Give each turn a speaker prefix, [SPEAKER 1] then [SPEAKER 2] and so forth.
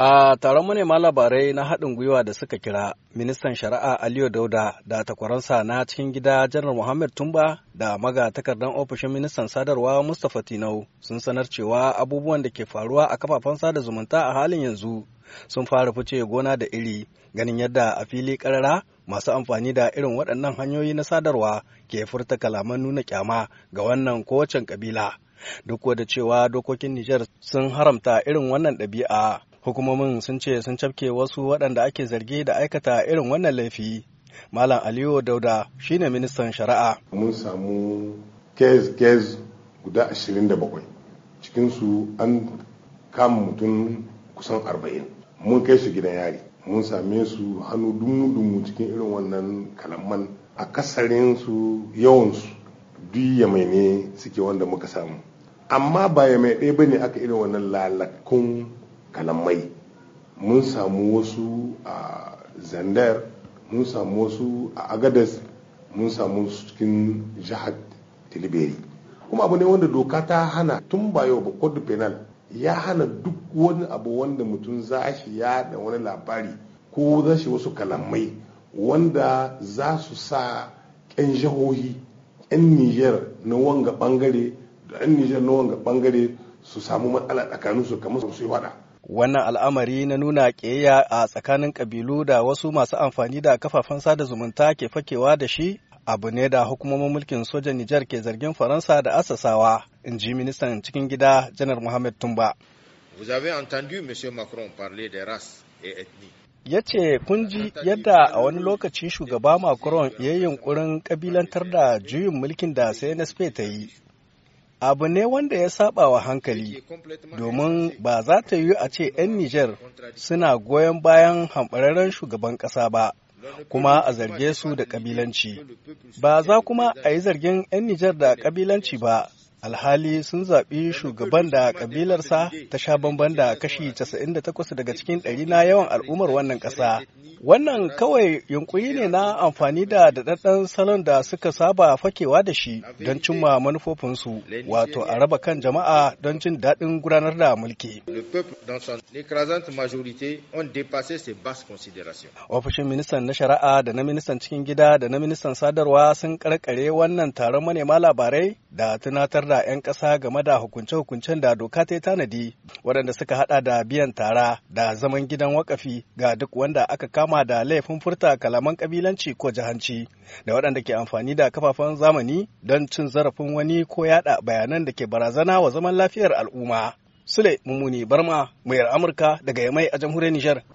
[SPEAKER 1] A taron manema labarai na haɗin gwiwa da suka kira ministan shari'a Aliyu Dauda da takwaransa na cikin gida janar Muhammad Tumba da maga takardar ofishin ministan sadarwa Mustapha Tinau sun sanar cewa abubuwan da ke faruwa a kafafen sada zumunta a halin yanzu sun fara fice gona da iri ganin yadda a fili karara masu amfani da irin waɗannan hanyoyi na sadarwa ke furta kalaman nuna kyama ga wannan kowacen kabila. Duk da cewa dokokin Nijar sun haramta irin wannan ɗabi'a hukumomin sun ce sun cafke wasu waɗanda ake zargi da aikata irin wannan laifi malam aliyu dauda shine ministan shari'a
[SPEAKER 2] mun samu kes-kes guda 27 cikinsu an kama mutum kusan 40 mun kai su gidan yari mun same su hannu dumu-dumu cikin irin wannan kalaman akasarin su yawansu duk yamai ne suke wanda muka samu amma ba yamai ɗaya ba ne aka irin wannan lalakun kalammai mun samu wasu a zandar mun samu wasu a agadas mun samu cikin jihar tilibiri kuma abu ne wanda doka ta hana tun ba yau ba kodin penal ya hana duk wani abu wanda mutum za shi da wani labari ko za shi wasu kalamai wanda za su sa 'yan jihohi 'yan niger na wanga bangare da 'yan niger na wanga bangare su samu matsala tsakaninsu kamar su yi wada Wannan
[SPEAKER 1] al'amari na nuna ƙiyayya a tsakanin ƙabilu da wasu masu amfani da kafafen sada zumunta ke fakewa da shi abu ne da hukumomin mulkin sojan Nijar ke zargin Faransa da asasawa, in ji ministan cikin gida Janar Mohamed Tumba. Vous ya ce kun ji yadda a wani lokaci shugaba macron ya yi yunkurin kabilantar da juyin mulkin da cnsp ta yi abu ne wanda ya saba wa hankali domin ba za ta yi a ce 'yan Nijar suna goyon bayan hambararren shugaban ƙasa ba kuma a zarge su da ƙabilanci. Ba za kuma a yi zargin 'yan Nijar da ƙabilanci ba alhali sun zaɓi shugaban da ƙabilarsa ta sha bamban da kashi 98 daga cikin ɗari na yawan al'ummar wannan ƙasa. Wannan kawai yunƙuri ne na amfani da daɗaɗɗen salon da suka saba fakewa da shi don cimma manufofinsu, wato a raba kan jama'a don jin daɗin gudanar da mulki. Ofishin ministan na shari'a da na ministan cikin gida da na ministan sadarwa sun karkare wannan taron manema labarai da tunatar da 'yan ƙasa game da hukunce-hukuncen da doka ta tanadi waɗanda suka hada da biyan tara da zaman gidan wakafi ga duk wanda aka kama da laifin furta kalaman kabilanci ko jahanci da waɗanda ke amfani da kafafen zamani don cin zarafin wani ko yada bayanan da ke barazana wa zaman lafiyar al'umma. Sule Mummuni Barma, Mayar Amurka daga Yamai a jamhuriyar Nijar.